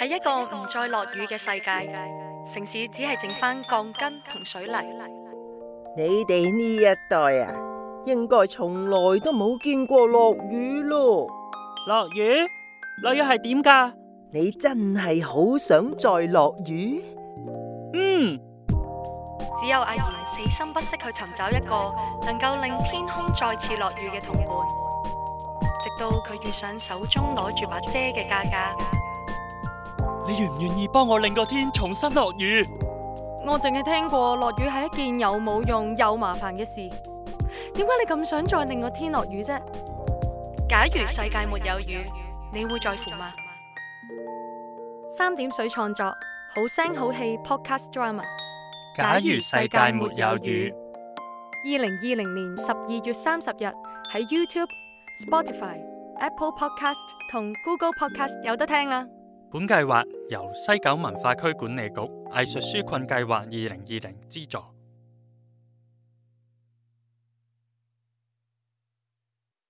喺一個唔再落雨嘅世界，城市只係剩返鋼筋同水泥。你哋呢一代啊，應該從來都冇見過落雨咯。落雨？落雨係點㗎？你真係好想再落雨？嗯。只有阿賢死心不息去尋找一個能夠令天空再次落雨嘅同伴，直到佢遇上手中攞住把遮嘅嘉嘉。你願唔願意幫我令個天重新落雨？我淨係聽過落雨係一件有冇用、又麻煩嘅事。點解你咁想再令個天落雨啫？假如世界沒有雨，你會在乎嗎？三點水創作好聲好戲 Podcast Drama。假如世界沒有雨，二零二零年十二月三十日喺 YouTube、Spotify、Apple Podcast 同 Google Podcast 有得聽啦。本計劃由西九文化區管理局藝術紓困計劃二零二零資助。